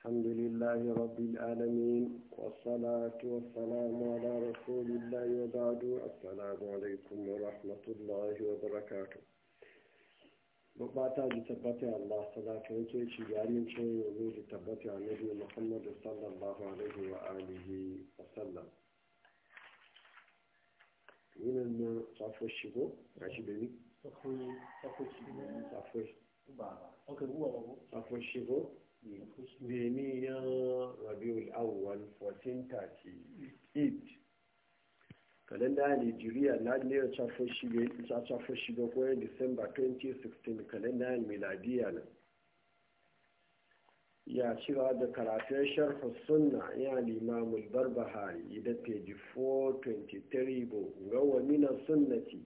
الحمد لله رب العالمين والصلاة والسلام على رسول الله وبعد السلام عليكم ورحمة الله وبركاته da tabbata Allah yake ci yarin ce yanzu da tabbata annabi Muhammad sallallahu alaihi wa alihi wa sallam na safo shigo gashi da ni safo shigo safo shigo beniyan rabiul awwal 1438 kalenda nigeria na ne tsafo shiga koyar december 2016 kalenda miladiya na ya cira da karatun sharhu sunna ya limamul barbahari idan page 423 bo gawa mina sunnati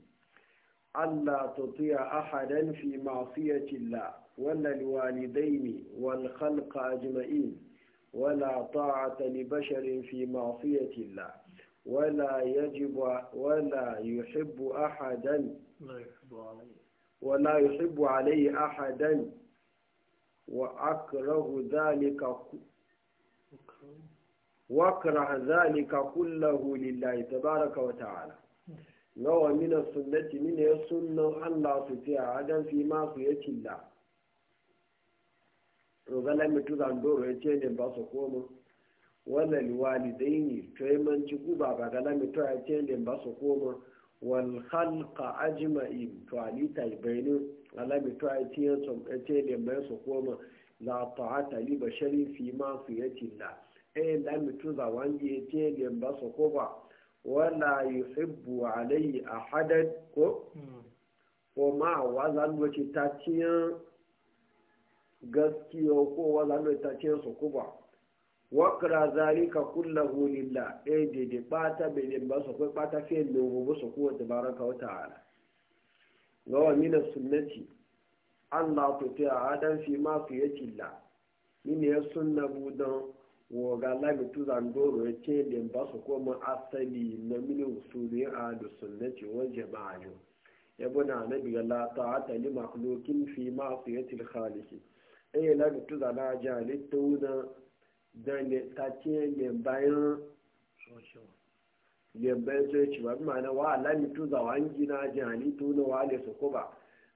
allah tutiya ahadan fi la. وللوالدين والخلق أجمعين ولا طاعة لبشر في معصية الله ولا يجب ولا يحب أحدا ولا يحب عليه أحدا وأكره ذلك واكره ذلك كله لله تبارك وتعالى لو من السنة من السنة أن لا تطيع أحدا في معصية الله rogala mitu zandoro ya ce ne ba su koma wala liwalidai ne taimanci guba ba gala mitu ya ce ne ba su koma wal khalqa ajma'in to alita bainu ala mitu ya ce ya ce ne ba su koma la ta'ata li bashari fi ma fiyati la eh da mitu da wangi ya ce ne ba su koma wala yuhibbu alayhi ahadan ko ko hmm. ma wa zan wace ta ciyan gaskiya ko wala mai ta ce su kuma wakra zalika kulla lillah eh de de bata be de ba su ko bata fe no bu su ko baraka wa ta'ala wa mina sunnati Allah to ta adam fi ma fi yati la ne ya sunna budan wa ga la mi tu zan do ya ce de ba su ko mu asali na min usuli ahlu sunnati wal jama'a yabo na nabi la ta'ata li makhluqin fi ma fi al khaliqi ɗaya eh, na mutu zana a jihar ta wuna da tace lembayin lembayin soci ba bi ma'ana wa ala mutu zawa an gina a jihar ta wuna wa ala soko ba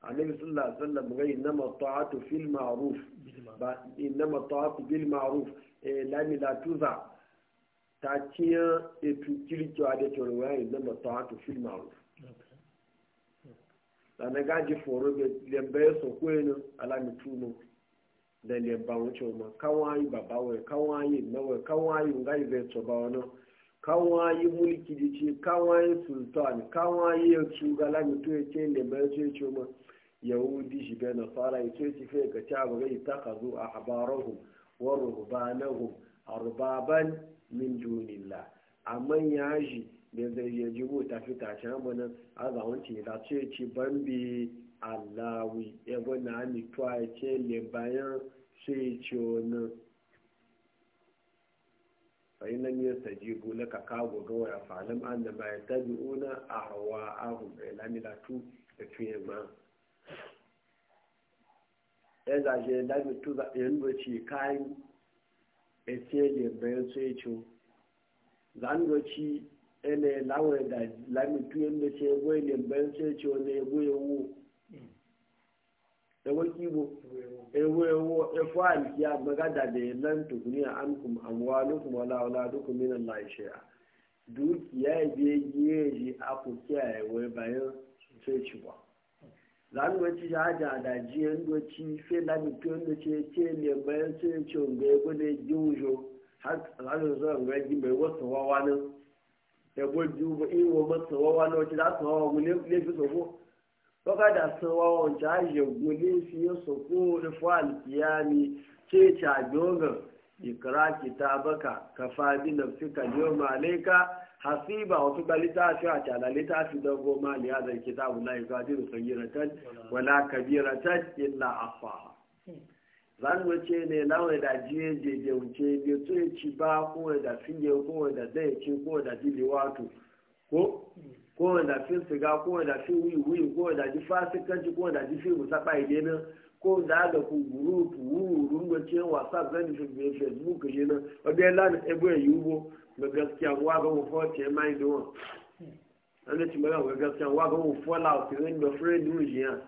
annabi sallallahu alaihi wasallam ga inna mata'atu fil ma'ruf ba inna mata'atu bil ma'ruf e eh, lami la tuza ta ciya e tu kirki wa da tsoro wa inna mata'atu fil ma'ruf da na gaji foro be lembayin soko ne ala mutu mu da le ba wuce e ma kawai baba wai kawai nawa kawai ngai be to ba wono kawai mulki dici kawai sultan kawai ya tugala mi to yake le ba ce ce ma yahudi shi be nasara ya e ce fe ga ta ba a e takazu ahbarahum wa ruhbanahum arbaban min dunillah amman ya shi da zai je jibo ta fita can bana a zawon ce da ce ci bambi alawi ebo na ami to a ce le bayan sai ce wani fa'in lam yastajibu laka ka goga wa afalam an e e e da bai tabi'una ahwa'ahum ila milatu da tuye ma ya zaje da tu da yan bace kayan ese le bayan sai ce zan goci ene lawo da lamu tuye da ce goyi le bayan sai ce ne ya wu ewe kibo ewe ewo efo magada da lan tuhuniya ankum amwalukum wala auladukum min Allah shay'a dukiya je yeji aku kiyaye wai bayan sai ci ba zan gwaci haja da jiyan gwaci bayan sai ci ga ego ne jujo har zan zo ga ji bai wasu wawa nan ebo ju ba iwo masa wawa na wace za su hawa mu ne fi so Waka da sanwa wancan ajiye gudun fiye su kuri fa'al kiyami ce ca dogon ikira kitabaka ka fadi na ka jo malaika hasiba wasu ga littafi a cana littafi don goma ne ya zai kitabu na ikati da sagiratan wala kabiratan illa afa zan wuce ne na wani da jiye jeje wuce ne to ya ci ba ko da fiye ko da zai ci ko da dili wato ko ko da fi siga ko da fi wiwi ko da ji fasikanci ko da ji fi musaba ile nan ko da ga ku group da ce whatsapp zan fi facebook je nan wadda ya lana ebe yi ubo ga gaskiya wa ga mu fote mai da wọn an da ci ga gaskiya wa ga mu fola o kirin da friend mu jiya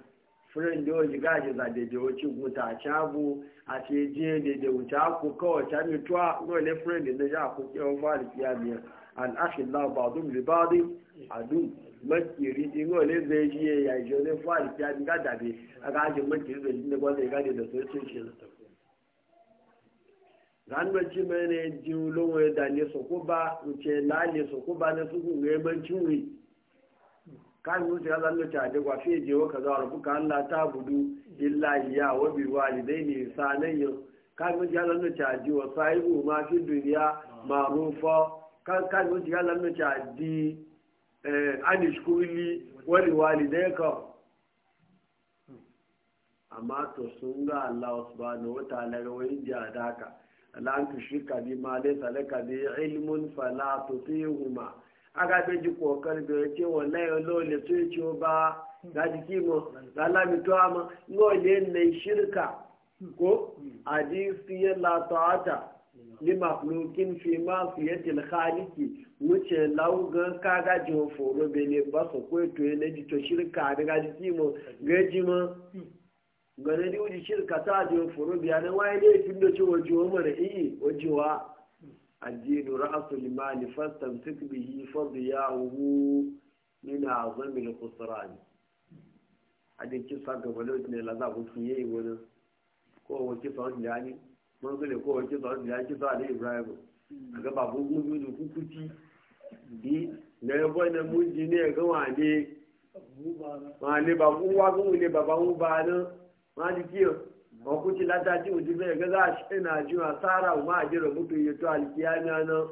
friend da ji ga ji zade da wuce guta chabu a ce je da da wuta ko kawai ta mi no le friend da ja ko ke wa ya biya al'akhila ba'dum li ba'din adu makiri ingo le zai ya ji ne fa alfi an ga dabe aga ajin makiri da ne gwada ga da so ce na ran ba ji mai ne ji lo wai da ne so ko ba uce la ne so ko ba ne su ku ga ban ciwi kan mu ta zan ta da gwa fe je wa kaza ta budu illa ya wa bi walidaini sanayyo kan ji wa ma fi duniya kan ko ti yalla no di eh ani shkuli wali amma to sun ga Allah subhanahu wa ta'ala ga wani jadaka la an tushrika bi ma laysa bi ilmun fala tutihuma aga be ji kokari be ce wallahi lo le ce ba ga jiki mo lalami to ama ngo le ne shirka ko hadisi la ta'ata limakhlukin fi ma su khaliki wuce laugan kaga jin foro bele ba su kwai to yana ji to shirka da gaji kimo gaji ma gane di wuce shirka ta jin foro biya na waye ne tun da ce waje wa mara iyi waje wa addinu ra'asu limani fastam tukbihi fadiyahu min azamil khusran adin kisa gaba da la za ku kiyaye wani ko wa kisa wani mun zo ne kowa kisa wanda ya kisa ali ibrahim hmm. a ga babu gumi da kukuti bi na yabo na muji ne ga wane wane ba kun wa kun ne ba ban ba na ma ji kiyo ba ku ci lata ci uji bai ga za shi na ji ma sara ma a jira mutu ya to alkiyanya na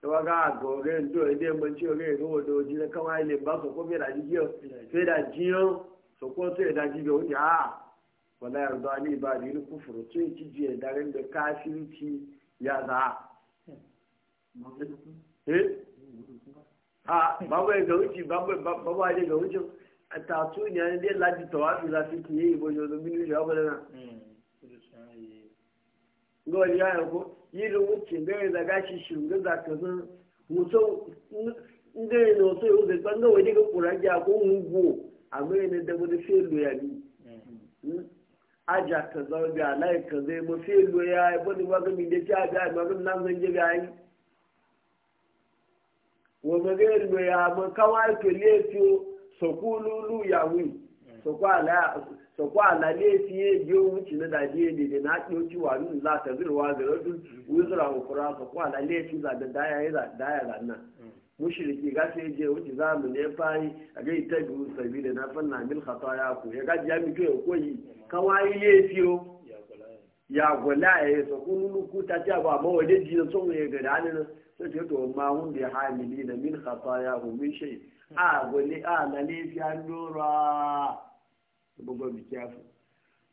ta waga a gore ndo ede mun ci ore ga wodo ji na kawai ne ba ko bai da ji kiyo sai da so ko sai da ji bai a'a wala yarda ali ba da yin kufuru to yi ci jiya daren da kafirci ya za a babu ya ga wuce ga wuce a tatu ne ya dai ladi tawafi ki yi minu ya ya ko yi wuce ga shi za ka so ban ga ga a da aja ka zarbi alai ka zai mafi ilo ya yi bani magami da ta biya magami nan zan ji biya yi wa magayar mai ya ma kawai ke lefi sokululu ya wi sokwa ala lefi ya je wuce na daji ya dede na ɗin ci wa nuna za ta zirwa ga rajin wuzura hukura sokwa ala lefi za da daya ya daya nan mushiriki ga ya je wuce za mu ne fayi a ga ita biyu sabida na fanna mil ya ku ya gaji ya to ya koyi kawai fi fiyo ya gwala ya so kunu ku ta ta ba ma wajen ji na mu ya ga dalilin sai ce to ma hun bi hamilina min ya ku min shay a gwale a na ne fi an dora ba bi kyafu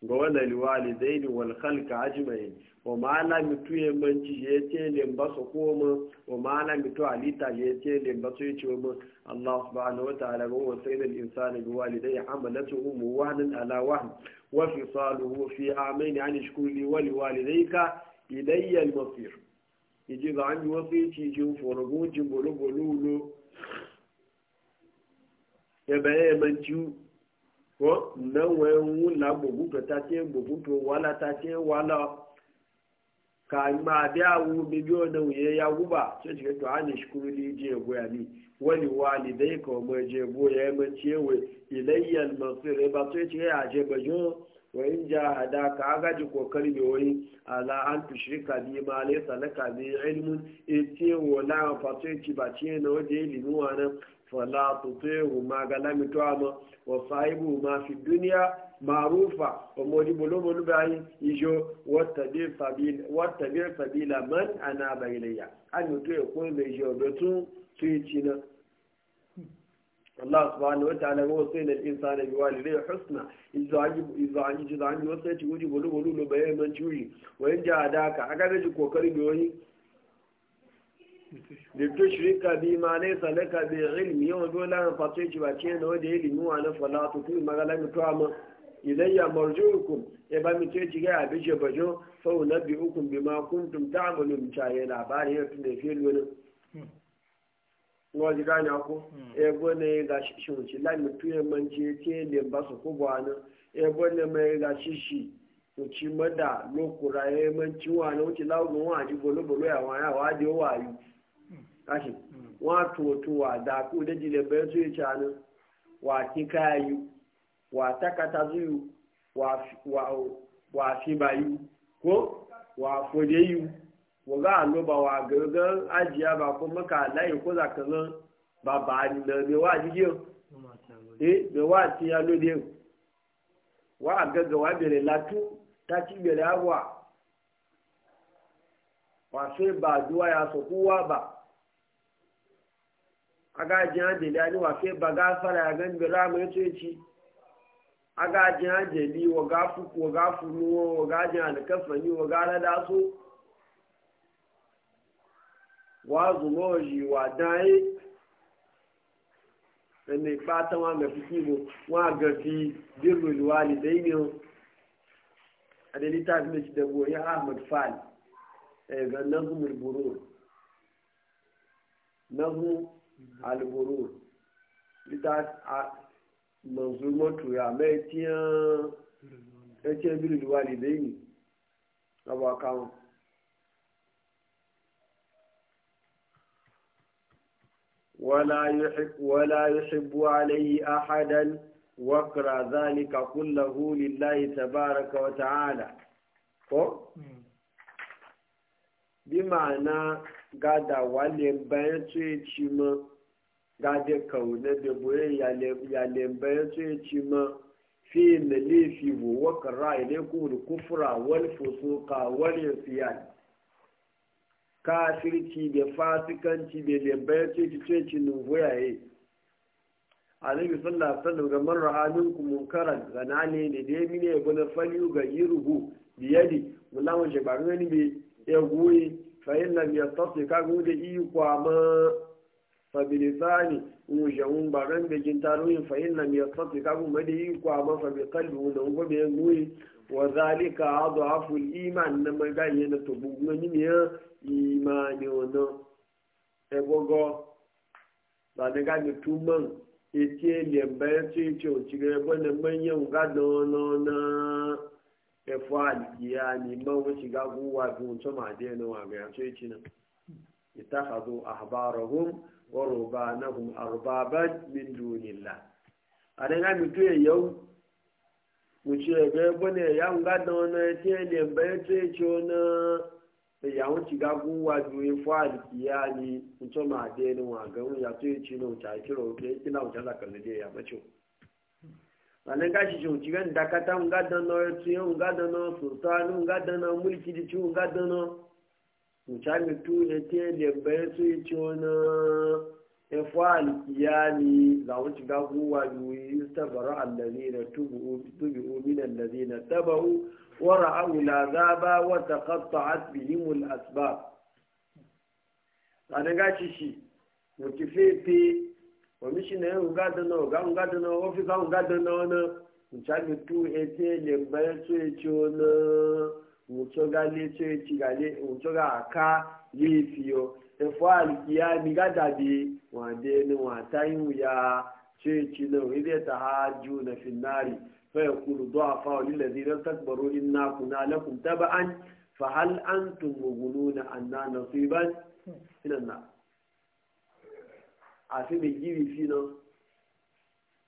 ga wala liwalidaini wal khalqa ajmain wa ma la mitu yemanci ya ce ba su koma wa ma la mitu alita je ce le mbaso yace wa Allah subhanahu wa ta'ala ga wa sayyid al insani bi walidayhi hamalatu ummu wahnan ala wahn wa fisaluhu fi amain an ishkur li wa liwalidayka ilayya al masir yaji ga an wasu jin forogo ji bolo bolo ya bayan yemanci ko na wayan wula gbogbo to ta ce gbogbo to wala ta ce wala ka ma biya wu bi o da wuye ya guba ce ce to ani shukuru li je goya ni wali walidai ko ma je goya ma ce we ilayya al-masir e ba ce ce ya je bajo wa in jahada ka gaji kokari da wani ala an tushrika bi ma laysa laka bi ilmun ite wala fa ce ci ba ce na waje limuwa nan fala tutehu magalami to ama wa sahibu ma fi dunya marufa wa modi bolomo lu bayi ijo wattabi sabil wattabi sabila man ana bayliya an to ko le ijo do tun tuichina Allah subhanahu wa ta'ala wa sayna al insana bi walidayhi husna idza ajib idza ajib idza ajib wasayati wuji bolo bolu lu bayi man juyi wa in ja adaka aga da kokari da wani لتشرك بما ليس لك بعلم يوم دولا فاتيش باتين ودي علمي وانا فلا تطيل مغلا متواما إلي مرجوكم إبا متيش جاء بجي بجو فأنبئكم بما كنتم تعملون شاهي لعباري يتنى في الونا wọ́n ti ká ní ọkọ́ ní ẹ̀ka ṣòṣì láì tó ẹ̀ máa ń ṣe tí ẹ̀ lè bá sọ̀kọ́ bọ̀ àná ẹgbọ́n ní ẹ̀ka ṣíṣì òṣì mọ́dà lókùnrin ẹ̀ máa ń ṣí wọn àná ó ti láwùjọ wọn àdìgbò lóbòló àwọn àdìgbò wà yìí. kashi hmm. wato tuwa da ku da jilebai su yi cani wa kikayu wa takata zuyu wa fibayu ko wa fodeyu wa ga aloba wa gangan ajiya ba ko maka layi ko za ka zan ba ba ni na me wa jiye eh me wa ti ya lo de wa gaga wa bere latu ta ci bere agwa wa sai ba duwa ya so kuwa ba agajin ajiyar wa fe baga gafara ya gani rama ya ce ci agajin ajiyar wa gafu ko gafu nuwa wa gajin alkafani wa gara da so wa zumo ji wa dai ne fata wa ga fiki bo wa ga fi birrul walidaini adelita ne ci da ya ahmad fal e ga nazmul burur nazmul alburur ita a manzumatu ya mai tiyan ɗancin birin walidai ne abokan ولا يحب عليه أحدا وقرا ذلك كله لله تبارك وتعالى بمعنى قد ولم بيتشي gade kaune da boye ya su ya ci ma fi na laifi wa kara ile kuma kufura wani wal fusuka wal yasiyan kafirci da fasikanci da lembayan su ya ci su ya ci a annabi sallallahu alaihi wasallam ga man ra'a minkum munkaran gana ne ne da mine ya gona faliu ga yiruhu biyadi mulan wajen ba ngani be ya goyi fa illa yastati ka gode yi kwa ma fabilisani mujawun ba ran begin taruhin fa inna mi yastati kabu madi ko amma fa bi qalbi da ngo be ngui wa zalika adhafu al iman na maga yana to bugun ni ne imani wono e gogo ba ne ga ni tuman etie le mbe ti ti o ti re bo ne menye un ga no no na e fo ali ya ni mo wo ti ga ku wa bi un to ma de no wa ga ti ti na اتخذوا أحبارهم wa na arbaban min dunillah adan ga mi to yau wuce ce ga ya nga don na te le be ya un ci ga wa ju e fa ali ya ni mu ma de ni wa ga ya to e ke na la kan de ya ba cho anan ga ga da nga don na nga mulki nga mutane tuje te da bayan su yi ci wani efu alkiyani za mu ci kowa yi tabara allazi na tubi omi da allazi na tabaru wara aula za ba wata kasta asbihimul asbab tsanin gashi shi mutu fefe kwamishina ya ngada na oga ngada na ofisa ngada na wani mutane tu ete le bayan su yi ci wani lé létí etí gàlẹ́ wùtọ́gá fi léèfì ọ ẹ̀fọ́ mi ni gàdàbí wọn àdé ni wọn àtàyìn wùyà tí etí náà wọ́n ilé ta ha ju na fi nàárì fẹ́ẹ̀ kúrò dọ́ àfa onílẹ̀ ní rẹ́ tàkbọ̀rọ̀ ní nàkùn náà lẹ́kùn tábà án fàhál án tún gbogbo nà ana nà fi ba nà àfi mi mi fi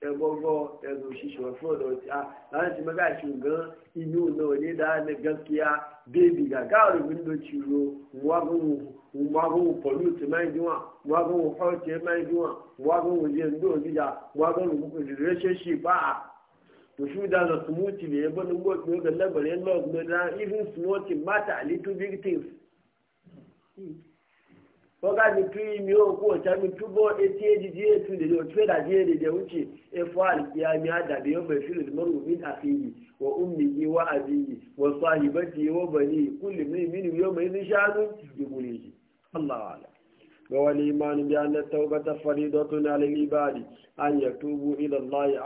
ɗagogo ya zo shi da wasu a ranar shi maga shugan inu na wani da na gaskiya bebi ga gawar windo ciro wagon pollute mai jiwa wagon horce mai jiwa wagon wajen ndo gida wagon relationship a ah. to shi da na smooth ne ya bani mo ne ga labarin love no na even big wọ́gá mi tú mi ó kú ọ̀tá mi túbọ̀ etí èjì díẹ̀ tún lè lọ tíwẹ́dà díẹ̀ lè dẹ̀ wúchì efo àlùkí àmì àdàbí ọmọ ìfìlẹ̀ lọ́rù mi àfi yìí wọ́n ń mi yìí wá wa yìí wọ́n sọ àyìnbọn ti yìí wọ́n bọ̀ ní ìkú lè mi ni yọmọ inú ṣáájú ìwúlẹ̀ yìí. وهو الإيمان بأن التوبة فريضة على العباد أن يتوبوا إلى الله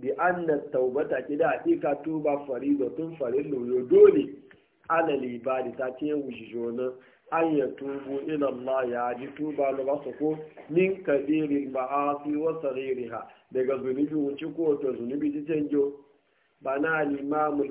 bi anna taubata kida hakika tuba tun farillu yo dole ala libadi ta ce wushi jona an tubu ila Allah ya ji tuba na basu ko min kabirin ma'asi wa ha daga zunubi wuce ko ta zunubi ta canjo bana al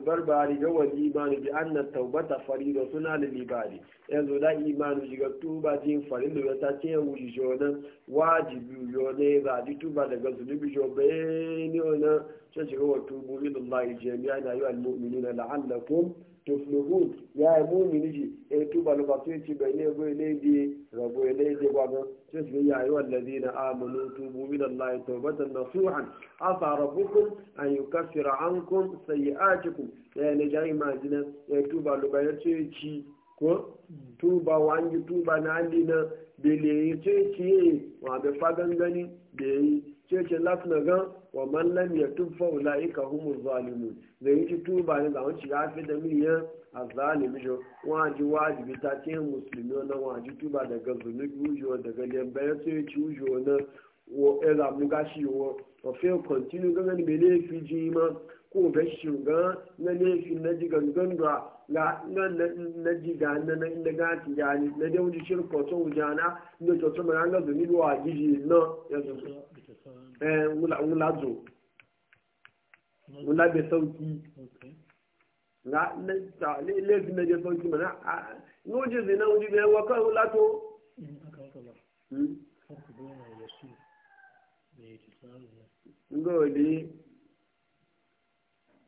barbari ga wani imanu bi anna tawbata farida suna da libari yanzu da imanu shiga tuba jin farida ya ta ce wuji jona wajibi za ba ji tuba daga zunubi jobe ne ona ce shiga wa tubu ilallahi jami'a na yi al-mu'minina la'allakum tuflihun ya yi mu'mini ji e tuba lokacin ci bai ne bai ne bi rabo ne je gwagon sai ya yi wallazi na amanu tubu min Allah tawbatan nasuhan afa rabbukum an yukaffira ankum sayi'atikum ya ne jai majina ya tuba lubayar ce ci ko tuba wangi tuba na alina bele ce ci wa da ya yi cece latina gan wa mallam ya tufa ula'ika humul zalimu da yi ci tuba ne zaman ci gafi da miliyan a zalimi jo waji wajibi ta ce musulmi wannan waji tuba daga zunubi ujo daga lembayar sai ci ujo na wa era muga shi wo o fe continue gangan be le fi ji ma ko be shi gan na le fi na ji gangan da ga na ji ga na na ga ti ya ni na dai wuji shirko to wujana na to to mara ga na ya zo eh wula wula zo wula be sauki ga na ta le le na je sauki mana no je zina wuji be wa ka wula to hmm? ngodi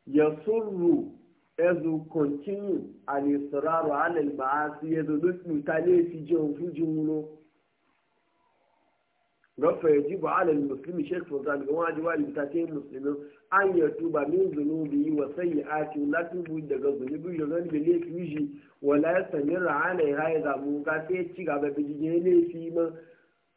yasurru ezu continue al israru ala al ma'asi ezu lutu mutane fi je on fuji mulo rafa yajibu ala al muslimi shaykh fuzan ga waji wali ta ce muslimin an ya tuba min zunubi wa sayyi'ati la tubu daga zunubi da zan da laifi shi wala yastamirra alaiha ya mu ga sai ci gaba da jije fi ma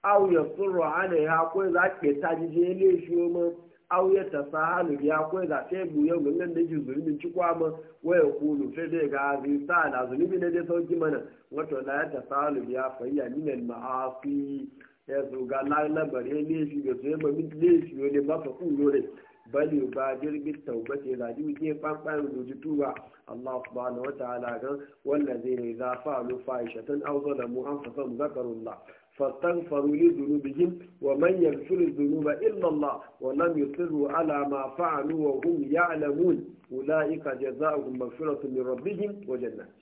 aw yasurru alaiha ko za ke ta jije fi ma auye ta sahalu ya kwai da sai buye gungan da jin zulmin ci kwama waya kulu sai dai ga zai sa da zunubi na dai sauki mana wato ya ta sahalu ya fayya min ma'afi ya zo ga la ne shi ga zai ba min ne shi ne ba ka kuro ne bali ba jirgin taubati da ji ke fanfan ruji tuba Allah subhanahu wa ta'ala ga wannan zai ne za fa lu fa'ishatan da zalamu anfusahum zakarullah فاستغفروا لذنوبهم ومن يغفر الذنوب إلا الله ولم يصروا على ما فعلوا وهم يعلمون أولئك جزاؤهم مغفرة من ربهم وجنات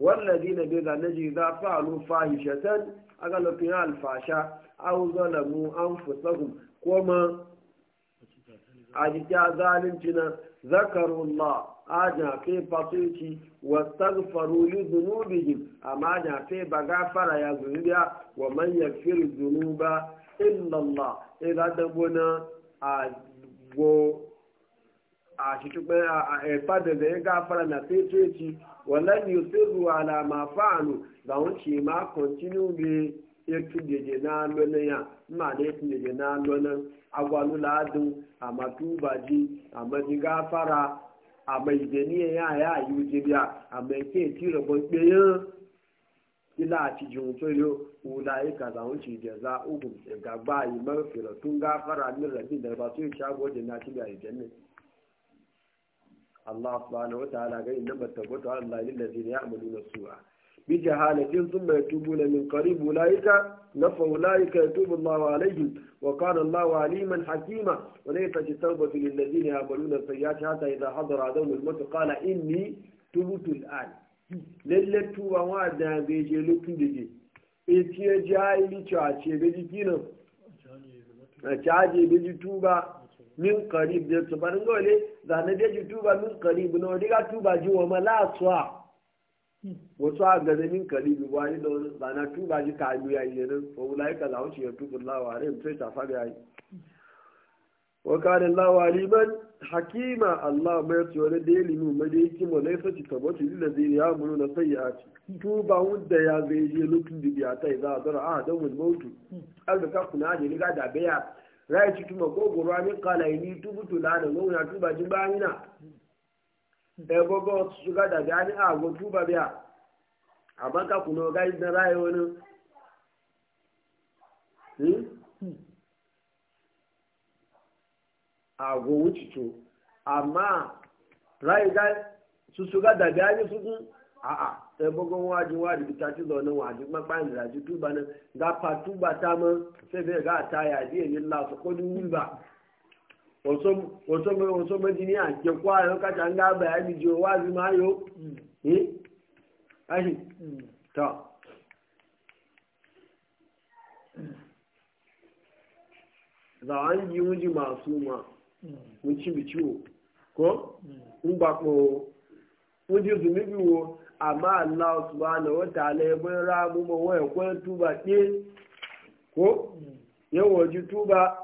والذين بذا نجي إذا فعلوا فاحشة أقل فيها الفاشا أو ظلموا أنفسهم وما أجتا ظالم zakaru الله aja في fasulci wa لذنوبهم li dhunubihim amma aja يا bagafara ومن zunubiya wa man الله dhunuba دبنا Allah idan da a go a shi a da ya gafara na fetoci wallan yusiru ala ma fa'alu ga wuce ma continue be ya na ya ma na agwalu a matubaji a maji gafara a mai janiya ya ya yi jibiya a mai ke tira gwaggbeyin ila a ci jimutsolo wula yi ka zaun ci da za ugu ga ba yi mafira tun gafara min rabin da ba su yi shago da na tiga yi jannin Allah subhanahu wa ta'ala ga inna battabu ta'ala lil ladina su'a bi jahalatin thumma yatubuna min qarib ulaika nafa ulaika yatubu Allahu alaihim wa kana Allahu aliman hakima wa laysa tawbatu lil ladina yaquluna sayyi'ati hatta idha hadara adawm al maut qala inni tubtu al an lalle tuba wa da be je lokun dige e tiye jahili cha ce be dikinan a caje be ji tuba min tuba min qarib no tuba ji wa malaswa wasu a gazamin kalibi wani da wani ba na tuba ji ka hannu yayi yanin wula yi kaza wuce ya tuba lawa rai sai ta faga yayi wa kana lawa liman hakima allah mai ci wani da ilimi mai da yake mu laisa ci tabbatu zai ya ya'muru na ci. tuba wanda ya zai je da biya ta za a zara a don wani mautu alka kuna je riga da baya rai ci tuma gogoro amin kala ni tubutu lana nuna tuba jin bayina su tuntun gádà bí a ní àgọ túbà bí a àbákàkùnà ọgá ìdára ẹ wọn àgọ òwúchìtò àmà ráìdá tuntun gádà bí a ní tuntun àà ẹgbọgbọ gogo àjò wọn àdìbò tàbí zaune náà wọn àjò pápá ìrìn àjò túbà náà gápá túbà tá mọ fẹfẹ gáàtà yà díẹ ní lásán kó ní ba. wasu majini a ke kwayo kata nga bayani jiwa wazi ma yau eh hmm. hmm? ashi hmm. ta za a yi wuji masu ma wuci biciwo ko in ba ko wuji zunubi wo amma allah subhanahu wa ta'ala ya bin ramu ma waya kwan tuba ɗe ko yawan ji tuba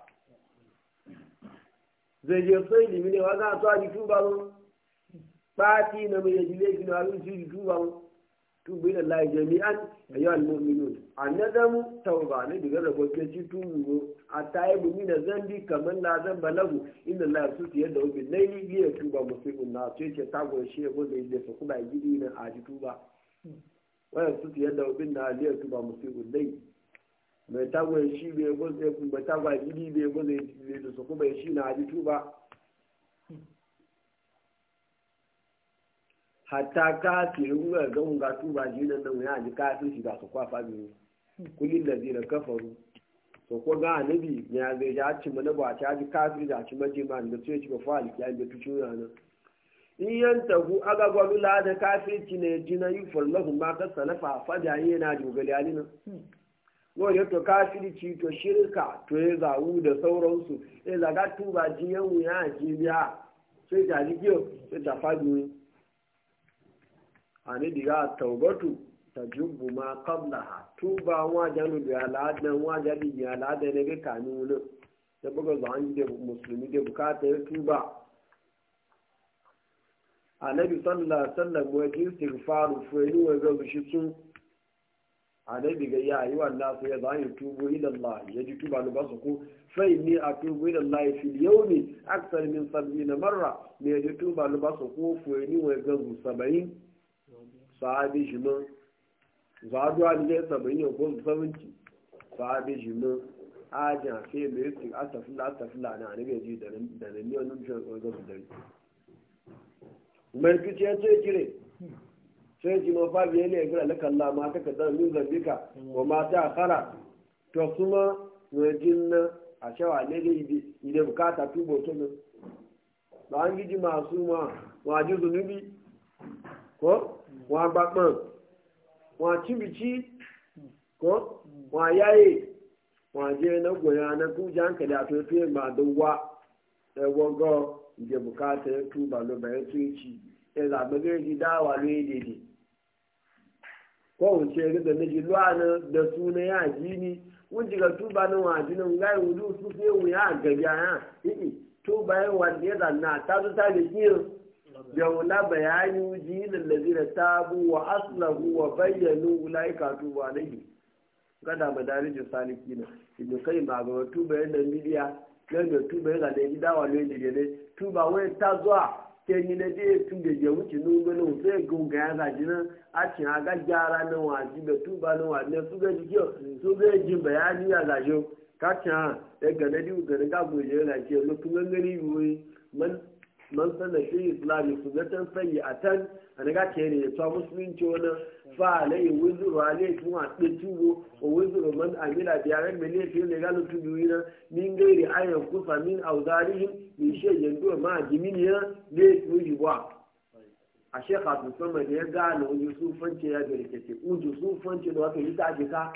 zèjì e e ne wa e mi ni wọn náà tó àdì tún bá wọn pààtì ìnáwó ìyẹjìlẹ ìfìnnà àlùsí ìlú tún bá wọn tún gbé lọ láì A án tauba hmm. ne ànádàmú tàwùbà níbi gẹ́gẹ́ bọ́ kẹ́sí tún wúwo àtàyẹ̀bù mí na zambi kàmán náà zamba lẹ́wù ìnà láì tún tiẹ̀ mu òbí lẹ́yìn ilé ce bá mùsùlùmí shi tó ẹ̀kẹ́ táwọn ṣe ẹ̀kọ́ lè lè na ìjírí náà tuba. tún su wọ́n yadda tiẹ̀ na òbí náà ilé ẹ̀tún bá mùsùlùmí lẹ́yìn mai tagwai shi bai gwaza mai tagwai gidi bai gwaza bai da su kuma shi na halittu ba hatta kafirin ga gawun ga tuba ji nan nan ya ji kafin shi ga su kwafa biyu kullin da zira kafaru to ko ga ya zai ci ji da ci maje ma da sai ci ba fa da tuci in aga ne wani to kafirci to shirka to ya zawu da sauransu ya zaga tuba jiyan wuya a jibiya sai ta ji kiyo sai ta fadi a diga taubatu ta jubu ma ha tuba wajen da al'adan wajen da al'adan ne ga kanu wani da buga zuwan da musulmi da bukata ya tuba a nabi sallallahu alaihi wasallam wajen istighfaru fuyi wa shi sun annabi ga ya yi wannan su ya zai tubu idan Allah ya ji tuba da basu ko a tubu idan ila ya fi ne aksar min na marra ne ji tuba da basu ko fo ni wai ga saba'in sahabi shi mun zadu ali da 70 ko 70 sahabi shi mun aja sai mai tsi astafilla a na annabi ji da a ne wannan da ga 70 mai kici ya ce kire sai ji ma babu yana ya gira laka Allah ma taka dan min zambika wa ma ta akhara to kuma wajin na a shawa ne da idan bukata tubo to ne ba an gidi masu ma wa ji zunubi ko wa bakman wa cibici ko wa yaye wa je na goya na kuja hankali a tofiye ma dogwa ẹwọ gọ ìjẹ bukata tuba lọ bẹrẹ tó ìci ẹ làgbẹgẹ di dáwà lóye dèdè. kowun ce ga na ji na da suna ya ji ni wun ji ga tuba na waji nan ga yin wudu su fiye wu ya gabi a ya i'i tuba yin wanda ya zanna ta su ta da kiyo da wula bayani wuji yi lallazi da tabu wa aslahu wa bayyanu ulaika tuba alaihi gada madarijin saliki na ibn kai ma ga tuba yin da midiya nan da tuba yin da ya gidawa ne da tuba wai ta zuwa ẹyin lẹbi etu gbèjẹ ya tì ní gbẹlẹ òun fẹẹ gun gàá gàdí náà àti àgájà ara náà wọn àti bẹtú ba náà wọn àti ẹsùn bẹẹ dìkì ọ tó bẹẹ jí bẹyà ní àgàjọ káàkiri ẹgẹrẹ ní ìgbẹrẹ káàkiri ìjẹrẹ làjẹ olókùn gbẹngẹrẹ ìwé mọ man sanna fi islami sunnatan sayyi'atan anaga kene to musulunci wona fa alai wuzuru a kuma dintugo o wuzuru man a biyaran mele fi ne yi na min gairi ayan kusa min awdarihim min shay'in do ma a na ne su yi wa a shekha abdul samad ya gane yusufanci ya garkece yusufanci da wata yi ta ake ka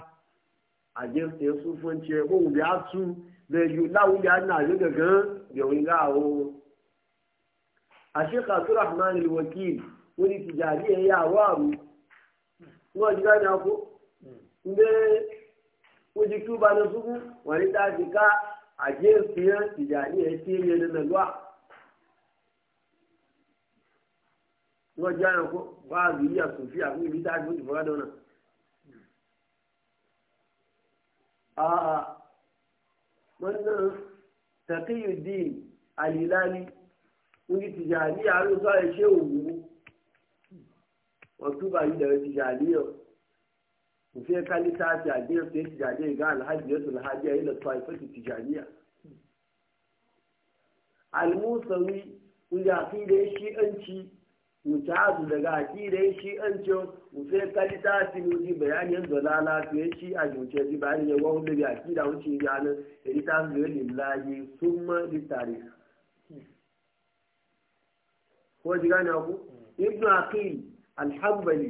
a jefe yusufanci ko bi asu da yu lawu ya na yi gaga yawin gawo a sheikh abdurrahman al-wakil wani tijari ya yi awaru wọ́n ti dáná kó ndé ojú tó ba lọ sókú wọ́n ní dáa ti ká àjẹ́ ìfìyàn tijari ẹ̀ tí yẹn lọ́nà ne wọ́n ti dáná kó báàbí yìí àsòfin àfún ibi tá a ti fọ́ dọ́nà. wọ́n ní sàkíyù dín wani tijani a ló sọ ẹṣẹ òwú wọn túbà yìí dẹrẹ tijani ọ òfin kálítà àti àdéhùn pé tijani ìgbà alhaji yóò tún alhaji ayé lọtọ àìfẹsẹ tijani à. almusawi wani akidai shi'anci mutazu daga akidai shi'anci òfin kálítà àti lórí bayani yan zọlá láti yẹn ṣí àjòjẹ ti bá yẹn wọn lórí akida wọn ti yànnà èyí tá a ta lè láàyè súnmọ́ ní tàríkà. ko ji gane ku ibn aqil alhambali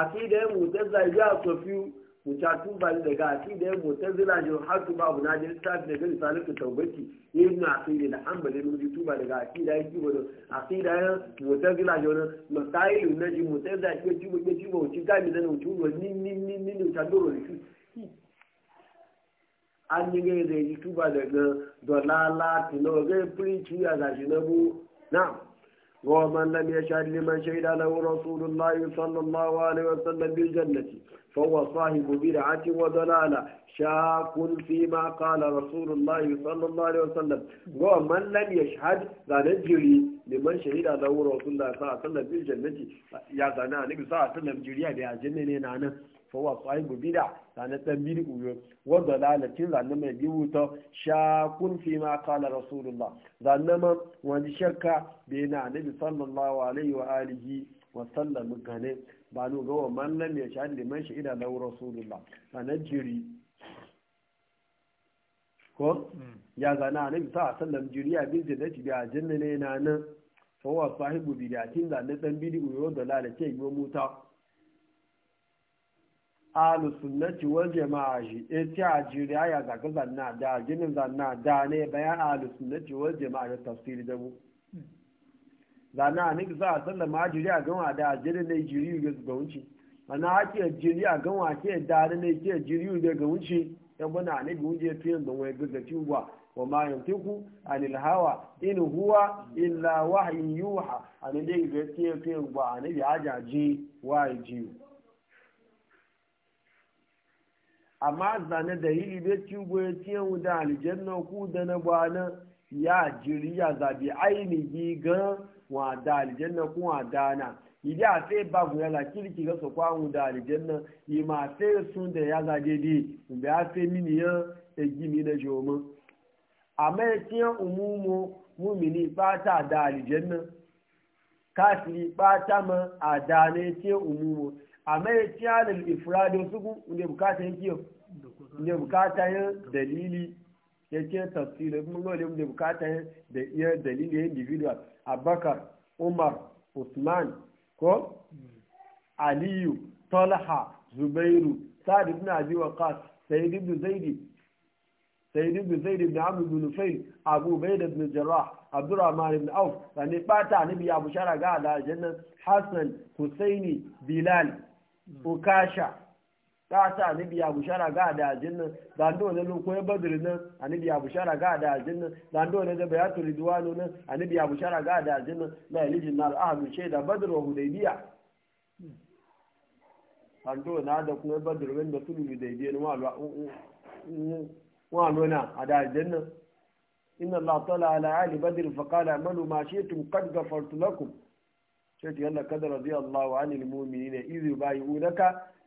aqida ya mutazila ya tofi mutatu ba daga aqida ya mutazila jo hatu ba abu na jin tafi daga misalin tawbati ibn aqil alhambali mu ji ba daga aqida ya kibo da aqida ya mutazila jo na masail na ji mutazila ke tuba ke tuba wuci ga mi dana wuci wani ni ni ni ni ta doro ni an yi ne zai ji tuba daga dolala tilo zai preach ya gashi na bu na'am ومن لم يشهد لمن شهد له رسول الله صلى الله عليه وسلم بالجنة فهو صاحب بدعة وضلالة شاك فيما قال رسول الله صلى الله عليه وسلم ومن لم يشهد لا نجري لمن شهد له رسول الله صلى الله عليه وسلم بالجنة يا زنا النبي صلى الله عليه وسلم جريا بها جنة نانا fawa sahibu bida zane dan bidi uyo wa dalalatin zanen mai biwuta shakun fi ma qala rasulullah Zanen ma wani shakka bai na nabi sallallahu alaihi wa alihi wa sallam gane ba nu ga wa man lam da man liman na lahu rasulullah zane jiri ko ya zana annabi sallallahu sa sallam jiri abin da zai bi a nan. Fa na nan fawa sahibu bidatin zane dan bidi uyo yi yo muta ahlus sunnati wal jama'a shi e ti aya ya zan zanna da jinin zanna da ne bayan ahlus sunnati wal jama'a da tafsiri da mu zanna ne za a sallama a gawa da ajirin ne jiri ga ga wuce ana ake jiriya a gawa ke da ne ke jiri ga ga wuce yan bana ne bi wuce fiye da wai ga tiwa wa ma yantiku anil hawa in huwa illa wahyin yuha anan dai ga tiye fiye ba ne ya jaji wa jiyo amma zane da yi ibe cigo ya ciye wuda aljanna ku da na bana ya jiri ya zabi ainihi ga wa da aljanna ku wa dana idi a sai ba ku yala kirki ga su kwanu da aljanna yi ma sai sun da ya zade di da ya sai e mini ya egi mi na joma amma ya ciye umumu mumini fata da aljanna kafiri fata ma a dane ciye umumu amma ya ci halin ifradin suku ne bukata yin kiyo ne bukata yin dalili ya ce tafsirin mun gole ne bukata yin da iya dalili yin individual abakar umar usman ko aliyu talha zubairu sa'ad ibn abi waqas sayyid ibn zaid sayyid ibn zaid ibn abu ibn nufayl abu bayd ibn jarrah abdurrahman ibn auf sani bata nabi abu shara ga da jannan hasan husaini bilal ukasha ta ta anibi ya bushara ga da nan, zando ne lo ko badr nan anibi ya bushara ga da nan, zando ne da bayatu ridwanu nan anibi ya bushara ga da nan la ilijin nar da shaida badr wa hudaybiya zando na da ko badr wanda sulu hudaybiya ne walwa walwa na a da nan inna allah tala ala ali badr fa qala amalu ma shi'tum qad ghafartu lakum شيخ يانا كذا رضي الله عن المؤمنين إذ يبايعونك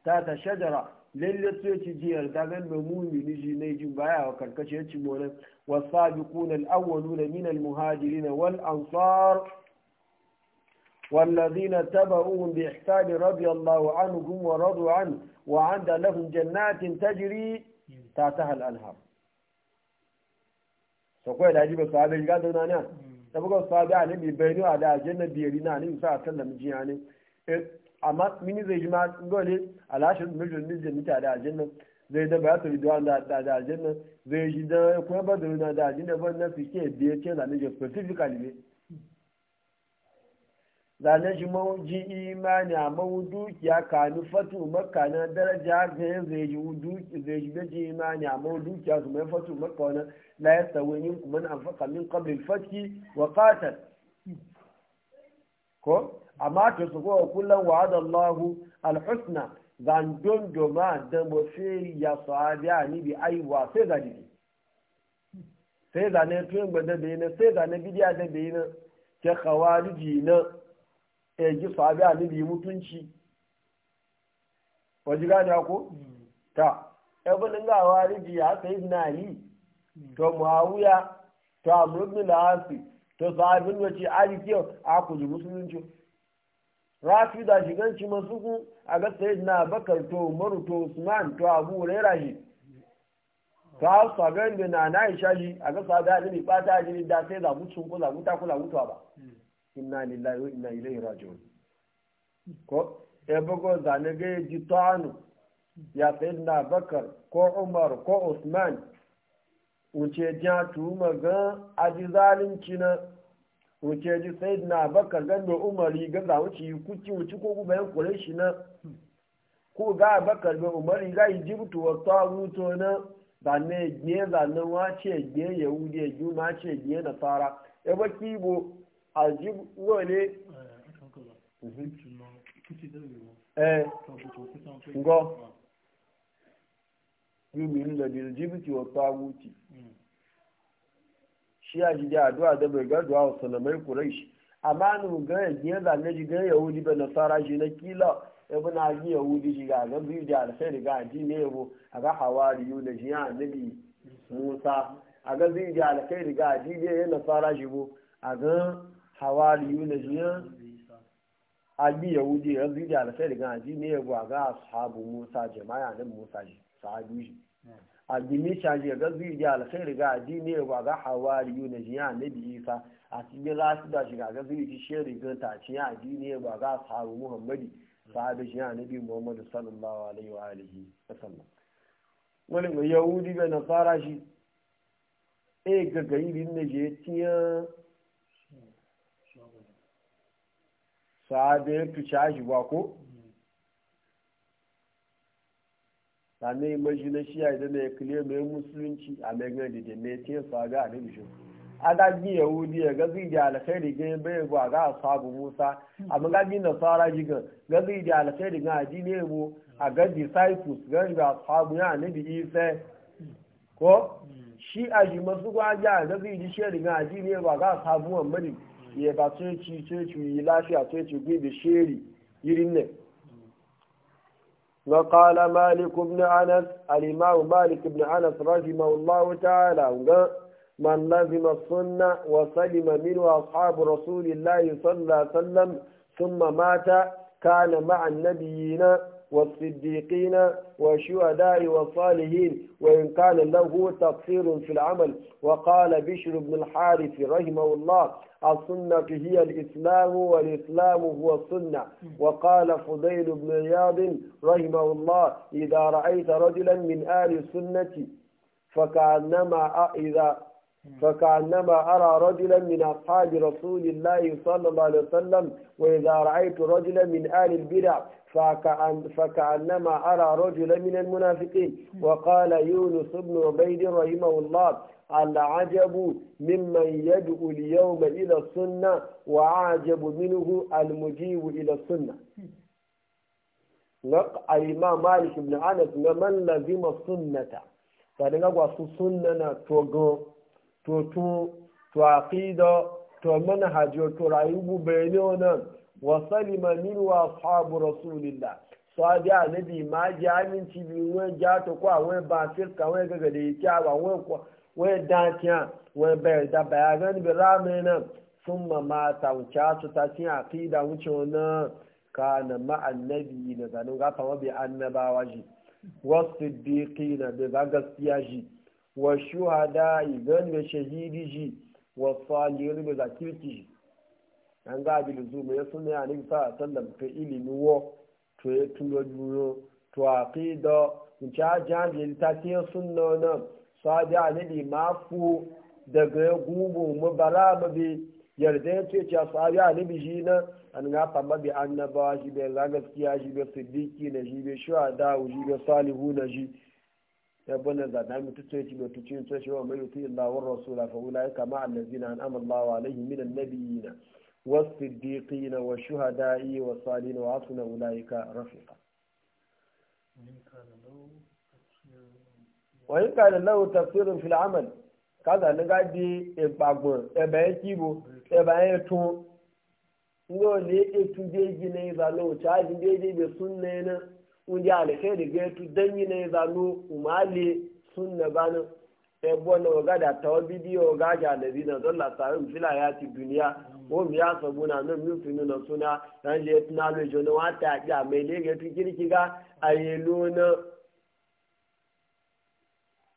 تحت شجرة ليلة تيجي جير دعنا المؤمنين جيني جم بايع وكان كشيء تمونا والصادقون الأولون من المهاجرين والأنصار والذين تبعوهم بإحسان رضي الله عنهم ورضوا عنه وعند لهم جنات تجري تحتها الأنهار سوكوي العجيب الصحابي قادرنا نعم da buga sabi a nabi bai a da ajiyar na biyari na nabi sa san da mijiya ne eh, amma mini zai jima gole alashin mijin da mita da ajiyar aljanna zai da bayatu ridwan da da aljanna zai ji da kuma ba badru na da aljanna ban na ke biyar ce da mijin specifically ne zane shi ji imani a mawudukiya kanu fatu makka na daraja ga yin zai ji dukiya zai ji imani a mawudukiya su mai fatu makka wani la yastawi minkum man anfaqa min qabli al-fathi wa qatal ko amma to su kowa kullum wa Allahu al-husna zan don doma da mo fe ya sahabiya ni bi aiwa sai da dike sai zane ne tun gbada da yana sai zane ne bidiya da da yana ke khawariji na e ji sahabiya ni bi mutunci wajiga ne ko ta ebe nan ga khawariji ya sai na yi. Hmm. to muawiya to amr da hansi to sahabin wace ali kiyo a ku ji musulunci rafi da shiganci masu a ga na bakar to umaru to usman to abu raira shi ta gan da na na isha shi a ga da ali ba ta ji da sai za mu cin kula za mu ta kula mutuwa ba hmm. inna lillahi wa inna ilaihi raji'un ko e bugo zanage ji tanu ya sayyidina bakar ko umar ko usman wuce jiya tuhuma ga aji zalunci na wuce ji sai na bakar gando umari ga za wuce kuki wuce ko kuma yan kure shi na ko ga bakar ga umari ga yi jibtu wa tawuto na ba ne gbe zanen wace gbe yahudi ya gbe ma ce gbe da tsara ya e ba kibo a jibo ne eh yumin da biljibiti wa tawuti shi a ji addu'a da bai gaduwa wa salamai quraish amma ni ga yin zanne ji ga yahudi ba nasara shi na kila ibn abi yahudi shi ga ga bi da alkhairi ga ji ne yabo a ga hawari yu da jiya annabi musa a ga bi da alkhairi ga ji ne ya nasara shi bo a ga hawari yu da jiya abi yahudi ya bi da alkhairi ga ji ne yabo a ga ashabu musa jama'a nan musa sahabi shi addini shaji ga zai ji alkhairi ga addini ba ga hawari na jiya na isa a cikin rasu da shiga ga zai ji shiri ga ta ci addini ba ga sahabu muhammadi sahabi jiya na bi muhammadu sallallahu alaihi wa alihi sallam wani mai yahudi ga nasara shi e ga gari na je tiya sahabi ya tuca shi ba ko sane mashi na shiya idan ya kile mai musulunci a mai gani da ne te saga a nan shi adagi yahudi ya gazi da alkhairi ga bai ba ga sabu musa amma ga bi nasara jiga gazi da alkhairi ga adine mu a ga disciples ga ga sabu ya nabi isa ko shi a ji masu gwaja gazi da shi ga adine ba ga sabu amma ne ya ba ce ci ce ci lafiya ce ci gbe da sheri yirin ne وقال مالك بن أنس الإمام مالك بن أنس رحمه الله تعالى من لزم السنة وسلم منه أصحاب رسول الله صلى الله عليه وسلم ثم مات كان مع النبيين والصديقين والشهداء والصالحين وإن كان له تقصير في العمل وقال بشر بن الحارث رحمه الله السنة هي الإسلام والإسلام هو السنة وقال فضيل بن عياض رحمه الله إذا رأيت رجلا من آل السنة فكأنما إذا فكأنما أرى رجلا من أصحاب رسول الله صلى الله عليه وسلم وإذا رأيت رجلا من آل البدع فكأن فكأنما أرى رجلا من المنافقين وقال يونس بن عبيد رحمه الله العجب ممن يدعو اليوم إلى السنة وعجب منه المجيب إلى السنة نق الإمام مالك بن أنس من لزم السنة فنقع يعني السنة توقف to to to aqida to manhaj to rayubu bayanan wa salima min wa ashabu rasulillah sadi annabi ma ji aminci bi won ja to ko awon ba firka won gaga da ya ba won ko won da tiya won ba da bayanan bi ramena summa ma tawcha su ta tin aqida wuce wannan kana ma annabi na ga fa mabi annabawa ji wasu diƙi na da gaskiya ji wa shuhada idan da shahidi ji wa saliyar da zakirki ji an ga abin zuma ya suna ya nufi sa sallam ta ilimi wa? to ya tuno duniya to a kai da wuce ajiyar ta ce suna nan sadi a nadi mafu daga ya gugu mu bara mu bi yarda ya ce ce sadi a nabi shi nan an ga fama bi annabawa shi bai gaskiya shi bai Siddiki na shi bai shuhada shi bai salihu na shi يبنى الزادان تتويتي وتتويتي وتتويتي ومن يطيع الله والرسول فأولئك مع الذين أنعم الله عليهم من النبيين والصديقين والشهداء والصالحين وعصنا أولئك رفيقا وإن كان له تفسير في العمل kaza ni ga di egbagbon ebe ya kibo ebe ya tun ngo ne etu deji na izalo cha di deji be sunne na wunde alheri ga tu danyi ne zanu umali sunna bana sai bona oga da tawo bidiyo ga ga da zina dalla fila ya ti duniya o mi ya sabu na nan min finu na suna dan je le jo na wata ga me le ga tu kirki ga ayelo na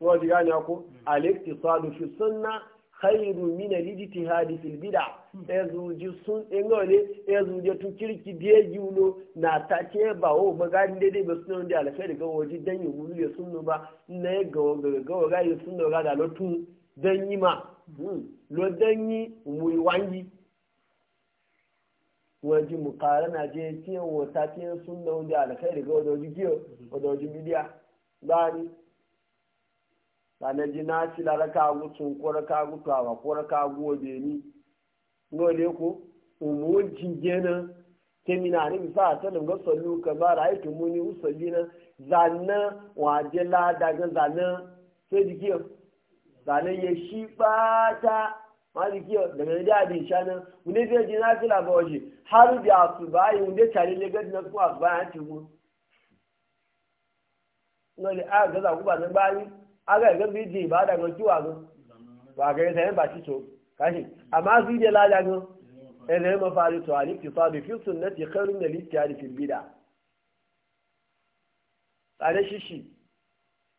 wadi ga nya ko al-iqtisadu fi sunna khairu min al-ijtihad fil bid'a hmm. ezuji sun engole ezuje tun kirki biye julo na ta ce ba o maga ne ba sunan da ga waje dan yi wuri ba ne ga sunno da lotun dan yi ma hmm. lo danyi yi mu je kiyan wata kiyan sunno da alkhairi kana ji na ci lara ka gu tun ko ka gu tawa ko ka gu obe ni no le ko umu jingena kemina ni bi sa ta dum ga sallu ka ba raitu muni usallina zanna wa je la da ga zanna sai dikiyo zanna ye shi bata mali kiyo daga da da bi adi shana mun je ji na ci fila ba waje har bi asubai mun je tare le ga na ku ba an ci mu no le a ga za ku ba nan ni aga ga miji ba da ga kiwa ga Wa ga sai ba ci to kashi amma su je la da ga eh ne ma fari to ali fi sabi fi sunnati khairun lil ikhtiyari fil bid'a tare shishi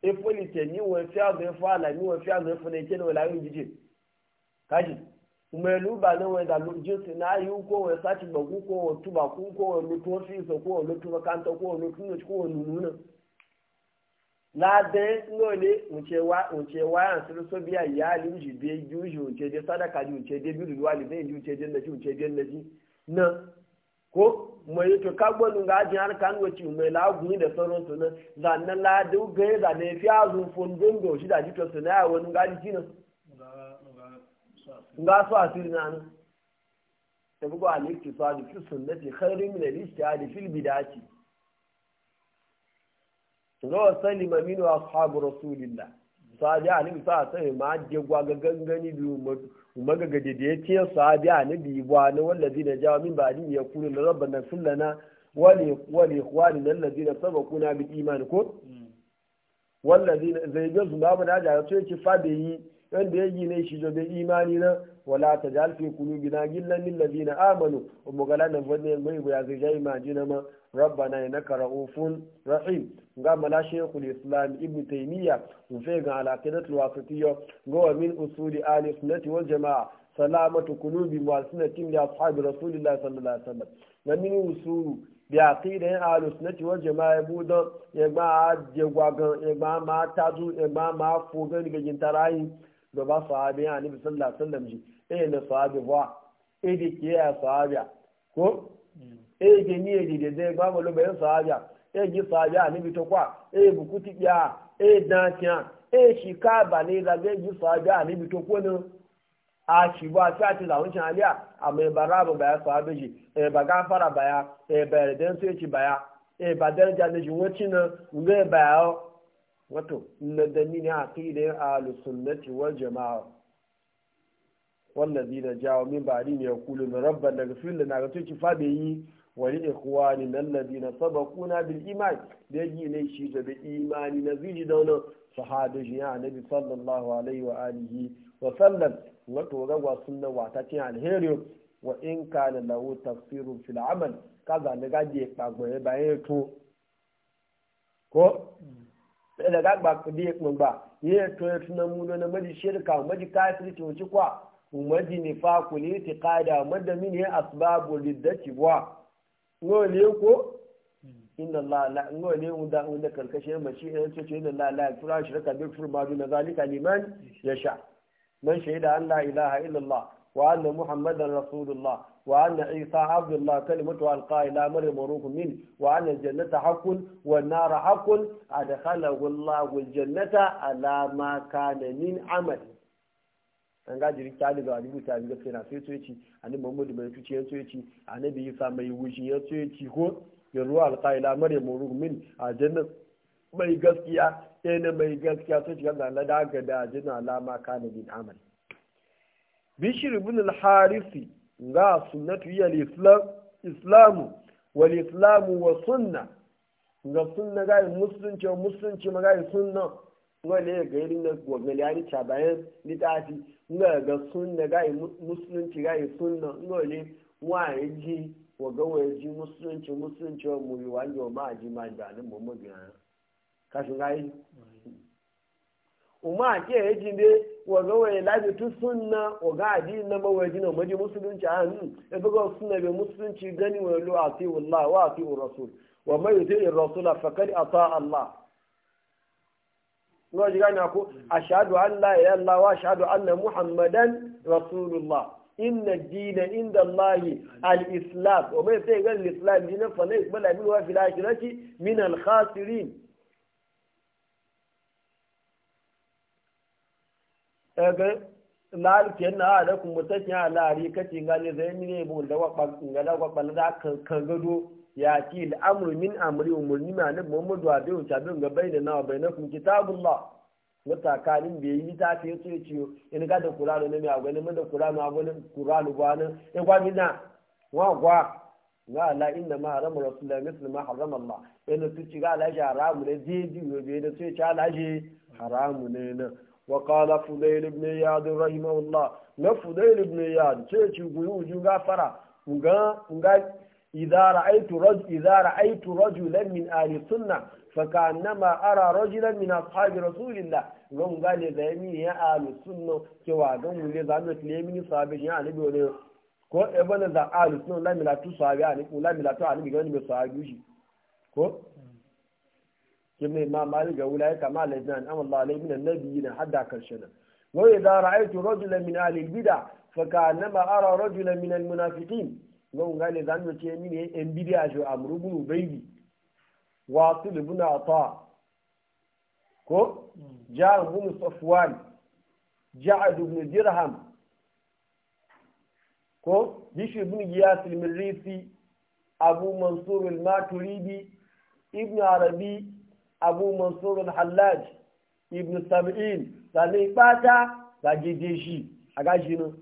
e foli te ni wo fi azu e fo ala ni wo fi azu e fo ne ke no la yin jije kashi umelu ba ne wo da jinsi na yi ko wo sati gbagu ko wo tuba ku ko wo lutu fi so ko wo lutu makanta ko wo lutu ko wo nununa ladan lole unce wayan sun so biya iyali uji biye ji uji unce je sadaka ji unce je biyu ruwa ne ji unce je naji unce je naji na ko mai to kagbonu ga ajin har kan wace mai lagun da sauran su nan zannan ladan ga da ne fi azun fundun ga shi da ji to suna wani ga ji nan ga su asiri na nan tabugo alikti sadu fi sunnati khairin min al-ijtihad fil bid'ati gawa salima minu ashabu rasulillah sahabi annabi sa sai ma je gwa ga gangani biyu magaga da ya ce sahabi annabi wa na wallazi na jawa min ba'di ya kula da rabbana kullana wali wali ikhwani nan ladina sabaquna bi iman ko hmm. wallazi zai ga zuma ba da ya ce ki fade yi wanda ya yi ne shi jobe imani na wala ta jalfi kulu gina gillan lil ladina amanu umma galana vanne mai ya zai ja imani na ma rabbana innaka ra'ufun rahim ga mala shaykhul islam ibn taymiya mun fe ga alaqidat alwasitiyya ga min usuli ahli sunnati wal jamaa salamatu qulubi wa sunnati li ashabi rasulillahi sallallahu alaihi wasallam ga min usulu bi aqida ahli sunnati wal jamaa budan ya ba je gwagan ya ba ma tazu ya ba ma fogan ga jintarayi da ba sahabi annabi sallallahu alaihi wasallam ji eh na sahabi wa eh dike ya sahabi ko hmm. eje ni eje dede gbagbo ló bẹ̀rẹ̀ sàájà eji sàájà níbi tó kwà eyi bùkú ti gbà eyi dantí a eyi ṣìkà àbàlẹ̀ ba eji sàájà níbi tó kwó náà àṣìbò àti àti làwọn ṣe àlẹ́ àmọ́ amu àbọ̀ bàyà sàábẹ́jì ẹ̀bà gáfàrà bàyà ẹ̀bà ẹ̀rẹ̀dẹ́nsó èjì bàyà ẹ̀bà dẹ́rẹ́jà lẹ́jì wọ́n tí na ǹgẹ́ bàyà ọ́ wato nadani ne a wal jama'a wallazi da jawo min ya kulu rabban daga na ga tuci fa yi wani ikhwani nan labi na saba kuna bil imani da yi ne shi da imani na zuji da wani sahada shi ya nabi sallallahu alaihi wa alihi wa sallam wato ragwa sunna wata cin alheri wa in kana lahu tafsiru fil amal kaza ne gaje pagbo e bayan to ko da ga ba ku die kun ba ye to ya tunan mu na maji shirka maji to wuci kwa maji nifaqul tiqada madamin ya asbabu liddati wa ngole ko hmm. inna Allah la ngole mu da mu da karkashin mashi ɗan eh, ce inna Allah la yakfura shirka bi kufr ma dun zalika liman hmm. yasha man shaida an la ilaha illa Allah wa anna muhammadan rasulullah wa anna isa abdullah kalimatu alqa ila maryam ruhun min wa anna jannata haqqun wa an-nara haqqun adkhalahu Allahu al-jannata ala ma kana min an gaji rikya daga alibu ta bi gaskiya na sai a annabi muhammadu mai tuci ya tsoyaci annabi isa mai wushi ya tsoyaci ko ya ruwa alƙaila mare muru min a jannan mai gaskiya ne mai gaskiya sun shiga da lada ga da jina alama kana bin amal bishir ibn al-harisi ga sunnatu ya islam islamu wal islamu wa sunna ga sunna ga musulunci musulunci ma sunna wale ga irin da gwagali ya rica bayan litafi nga ga sunna ga musulunci ga sunna nga ne wa ji wa ga wa ji musulunci musulunci wa mu wa ji ma ji ma ji ne mu mu ga ka shi ga yi ma ke ya e ji ne wa ga wa labi tu sunna wa ga ji na ma wa ji na ma ji musulunci a nan e ba ga sunna be musulunci gani wa lu ati wallahi wa ati rasul wa may fa rasul faqad ata allah no ji gane ko ashhadu an la ilaha illallah wa ashhadu anna muhammadan rasulullah inna dina inda allahi al-islam wa mai sai gan islam ji na fana yaqbalu min wa fil akhirati min al-khasirin daga lalken na da kuma mutakin ala rikacin gane zai mine bu da wakpan ga da wakpan da kan gado ya ci al'amru min amri umurni ma na muhammadu a bai wuce bin bai da nawa bai na kun kitabullah na tsakanin bai yi ta ce yace ciyo in ga da kuranu na mai a mun da kuranu a gani kuranu ba nan ya gwami na wa kwa na la inna ma harama rasulullah mislu ma harama allah in su ci ga la ja haramu ne zai ji yo bai da sai ta la ji haramu ne na wa qala fudayl ibn yad rahimahullah na fudayl ibn yad ce ci guyu ju gafara nga nga إذا رأيت رجل إذا رأيت رجلا من آل السنة فكأنما أرى رجلا من أصحاب رسول الله لهم قال زيمي يا آل السنة كوا دم اللي da alu sun la milatu sahabi ani ko la milatu ani bi gani be sahabi shi ko kimne ma mali ga wulai hadda karshen wa idza ra'aytu rajulan min al-bid'ah ngon gane zan mu ce mini en bidiya jo amrubu ubaydi wa tulibun ta ko jihar bin safwan jihar ibn dirham ko bishr ibn giya silmin mirrisi abu mansur al-maturidi ibn arabi abu mansur al-hallaj ibn sab'in sani ga gajide shi agajinu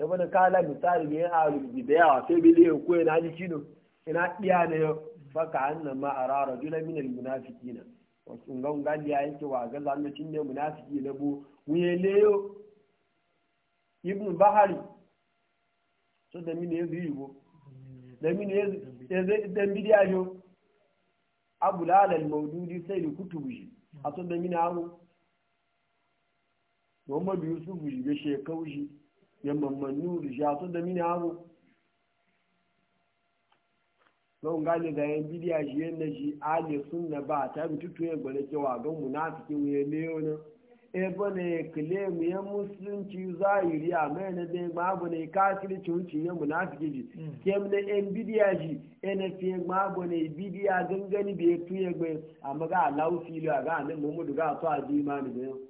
da wani kala misali ne a rubuji da yawa sai bi zai koya na ji kino ina iya ne yau baka hannun ma a rara juna minar munafiki na wasu ngan ya yake wa ga zanucin ne munafiki na bu wuye leyo ibn bahari so da mini ya yi bu da mini ya zai dan bidiya yo abu lalal maududi sai da kutu bushi a so da mini hagu muhammadu yusuf shi ga shekau shi ya mammannu da shato da mini abu don gane da yan bidiya shi yan na shi sun sunna ba ta bi tutu ya gwada cewa don munafiki mu ya leo nan e na ya kile mu ya musulunci zahiri a mai na dai babu ne kafirci wuce ya munafiki ji mm. kem na yan bidiya shi yana e fiye babu ne bidiya gangani bai tuye gbe amma ga alawusi ga nan mu ga su a ji imani da yau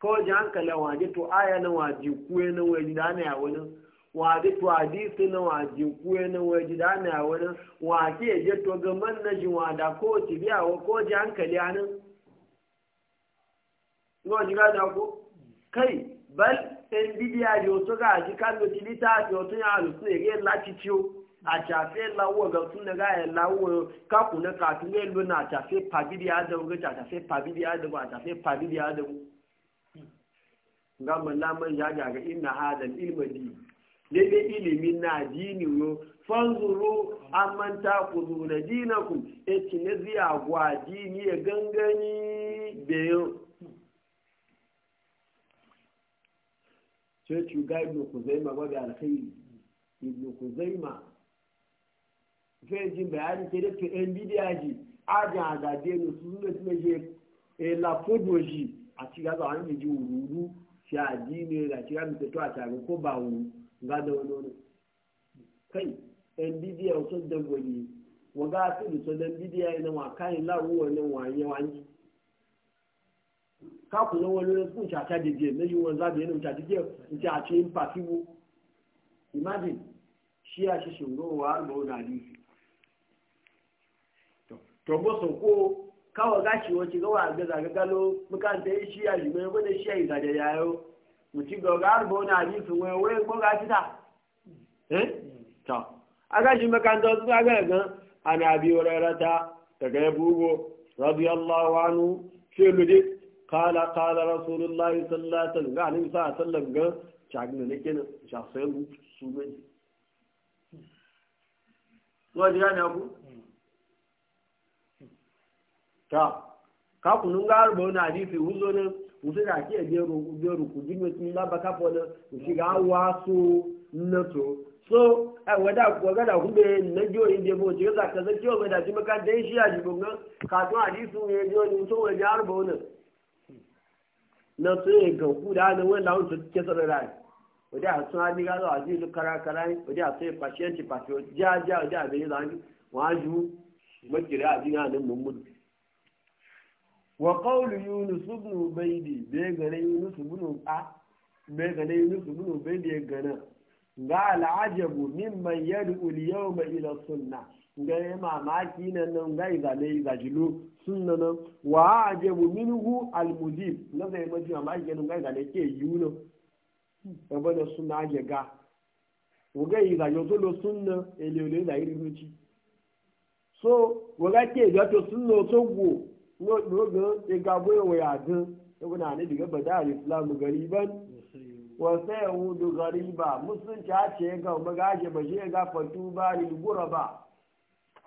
kawai ji hankali waje to aya na waje kuwe na waje da ana yawon waje to hadisi na waje kuwe na waje da ana yawon ke je to gamar na ji da ko ci biya wa ko ji hankali anan ngo ji ga da ko kai bal en bidiya yo to ga ji kan tilita ti lita ya halittu ya lu ne ge ciyo a cafe lawo ga sun da gaya lawo ka ku na ka tun luna lu na chafe pabidi adamu ga chafe pabidi adamu a pabidi adamu ga mallaman ya ga ina hadal ilmadi ne ne ilimin na dini yo fanzuru amman ta kudu na ku e ne ziya gwa dini ya e gangani beyo sai ci ga ibn kuzaima gwa da alkhairi ibn kuzaima sai jin bayani ke da ɗan bidiyaji ajin agade ne su suna suna je e la fodoji a cikin azawar ne ji wururu shi addini ga shi ya mutu a tare ko ba wu ga da wani wani kai ɗan bidiyar wasu dangoni wa ga su da su ɗan bidiyar yana wa kayan laru wannan wanye wanye ka ku zan wani wani sun shata da je na yi wani zaɓe yana mutane ke in ce a ce in fafi mu imagine shi ya shi shi ruwa ga wani hadisi to bo ko kawo gashi wacce gawa ga zaga galo bukanta yi shi a jimai wadda shi a yi zade yayo mutum ga ga arba wani abin sun wani wani ko gashi ta eh ta a gashi makanta wasu ga ga gan ana abi wararata daga ya bugo radiyallahu anhu ce lude kala kala rasulullah sallallahu alaihi ga alim sa sallam ga chagna na kenan shafayin su mai wani ya ne ta ka kunun ga na wani wuzo ne da ake gero ku jini laba kafa shiga so a wada kuwa gada kuma na jiyo in debo ci gaza ka zan mai makaranta yin shiya jibin nan katon hadisi ne jiyo ne mutu wani arba na so da hannun wani launin su ke tsara rai wadda a sun hannu gaza a jiyo kara kara wadda a sai fashe ci fashe wadda a bai yi zangi wa ju makira a jiya nan wa qawlu yunus ibn ubaydi be gane yunus ibn a be gane yunus ibn ubaydi gana ga al'ajabu mimman yad'u al-yawma ila sunnah ga ya mamaki nan nan ga izale ga jilo sunna nan wa ajabu minhu al-mudib na ma maji mamaki nan ga izale ke yuno ebe da sunna ga ga oge izajo to lo sunna ele ole da iri nuci so wo ga ke ga to sunna to go nogan e ya e gabo ya waya din ibn ne diga bada al-islam gariban wa sayudu gariba musulunci a ce ga magaje ba shi je ga fatu ba lil guraba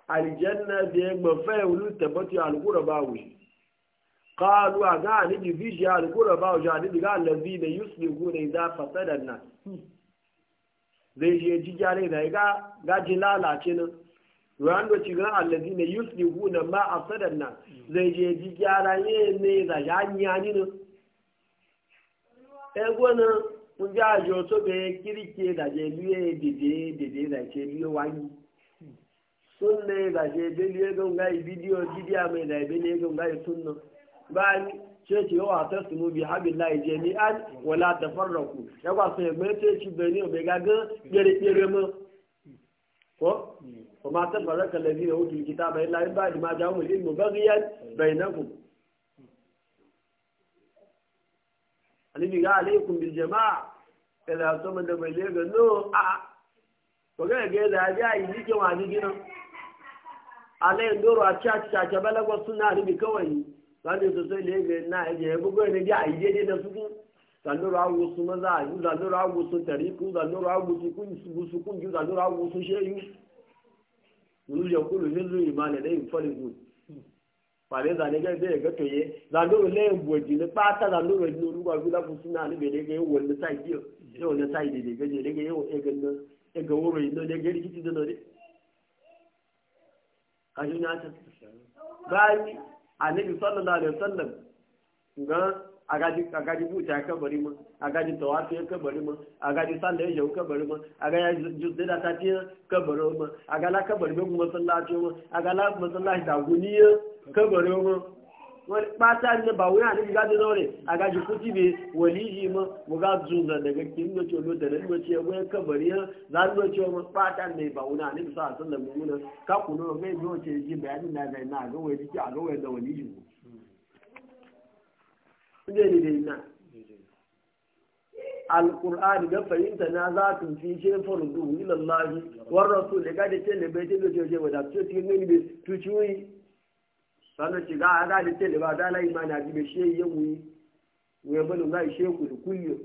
aljanna bi ma e fa'ulu tabatu al-guraba wa a aga ni bi bi al-guraba wa jadi diga allazina yusliguna idza fasada an-nas hmm. zai je jijare da ga ga lalace nan ruwan da cikin allazi ne yuslihu na ma a sadar nan zai je ji gyara ne ne da jami'a ni ne ego na kun ji ajo so da ya kirke da je liye dede dede da ke liye wani sun ne da je be liye gonga yi bidiyo bidiya mai da be liye gonga yi sunna ba ni ce ce yawa ta su mu bi habillahi jami'an wala tafarraku yawa sai mai ce ci bani o be gaga gere gere mu ko kuma ta faraka lafi da hutu kita bai lafi ba ma ja mu ilmu bagiyar bai na ku alibi ga alaikum bil jama'a kada to man da bai le ga no a ko ga ga da ja yi dike wa ni gina alai ndoro a cha cha cha balago sunna ni kawai wani sosai le ga na je bugo ne ja yi dai da su zanuru awusu maza yi zanuru awusu tariku zanuru awusu kungisu kungi zanuru awusu sheyu wulu ya kulu hizu imani da yin fari zu fare zane ga zai ga toye zanuru ne gwaji ne pata zanuru ne ruwa gula fusuna ne ga yawon na sai biyo yawon na sai daidai gaje daga yawon egan na egan wuro yi ne ga rikici da nore kashi na ta bayan annabi sallallahu alaihi wasallam ga a gaji buta kabari ma a gaji tawafi kabari mu a gaji sallar yau kabari mu a gaji juzda da tafiya kabari ma a gala kabari mai masallaci ma a gala masallaci da guniya kabari mu wani bata ne ba wani hannun da zaure a gaji kuti bai waliji ma mu ga zunzan daga kin da colo da nan wace wai kabari ya za mu wace ma bata ne ba wani hannun sa sallar mumuna ka kuno mai yi ce ji bayanin na ga na ga wai jiki a ga wai da waliji kuje ni dai na alqur'ani ga fahimta na za tu fi ce fardu ila allah war rasul ga da tele bai tele joje wa da to ti ngini be tu chuyi sana ci ga ga da tele ba da lai mana ji be shi ya mu we banu ga shi ku da kullu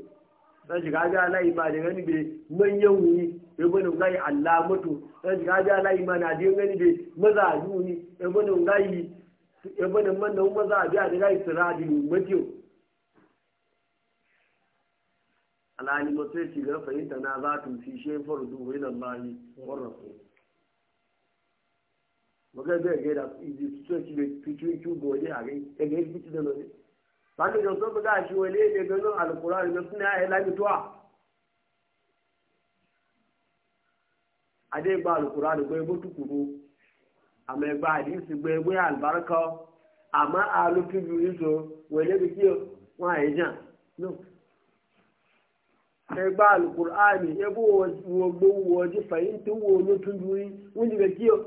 sai ji ga ga lai ma da ngani be man ya mu we banu ga allamatu sai ji ga ga lai ma na ji ngani be maza ju ni we banu ga yi e banu man da a biya da ga isra di mutiyo alhali wasu ya shiga fahimta na za ta fi shi fardu ila Allah wa rasul maka ga ga da izi su ci be fitu ku gode a ga ga ga fitu da ne ba ne da so ga shi wale ne ga no alquran ne suna ya lami to'a ade gba alquran gbe bo tukuru ama gba hadisi gbe gbe albarka ama alufi yuzo wale bi ki wa ejan no ẹgbà alukur'ani ẹbú wọgbó wọjí fàyíntì wọ lótú yúrí wọ́n ti gẹ̀ kí o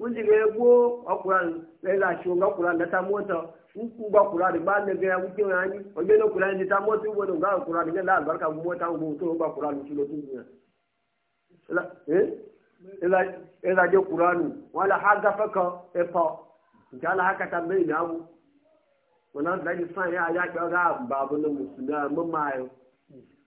wọ́n ti gẹ̀ gbó ọkùnrin lẹ́yìn àti ọgbà ọkùnrin lẹ́ta mọ́tò ńgbà ọkùnrin bá nẹgẹ́ wípé wọn ní ọjọ́ ọkùnrin lẹ́ta mọ́tò wọ́n ọgbà ọkùnrin lẹ́yìn láti àgbàkà ọkùnrin lọ́tú lọ́tú yúrí. wọn ha gafe kan ẹ pọ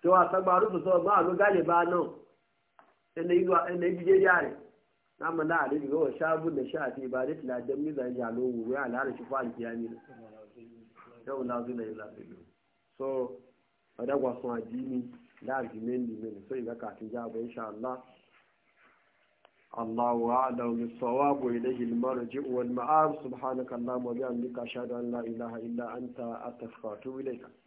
tí wọ́n àtọ́gbà rúfù sọ ọgbà àlọ́ gálè bá náà ẹnẹ ibi jẹ́jà rẹ̀ láàmú láàrin ìwé ṣáàbù abúlé ṣáà àti ìbàdí tìlà mí nígbà ìjà ló wù wẹ́ àlàáre ṣe fún àjẹyà mi lọ́wọ́ láàrin ilẹ̀ ìlà pẹ̀lú sọ ọ̀dàgbà fún àjí mi láàrin mẹ́rin mẹ́rin sọ ìgbà kàtí já bọ̀ ìṣà allah allah wa ni sọwọ́ àbò ilé yìí mọ́rọ̀ jí wọn ma'ar subhanakallah mọ̀bí àmì kàṣà dán ilaha illa anta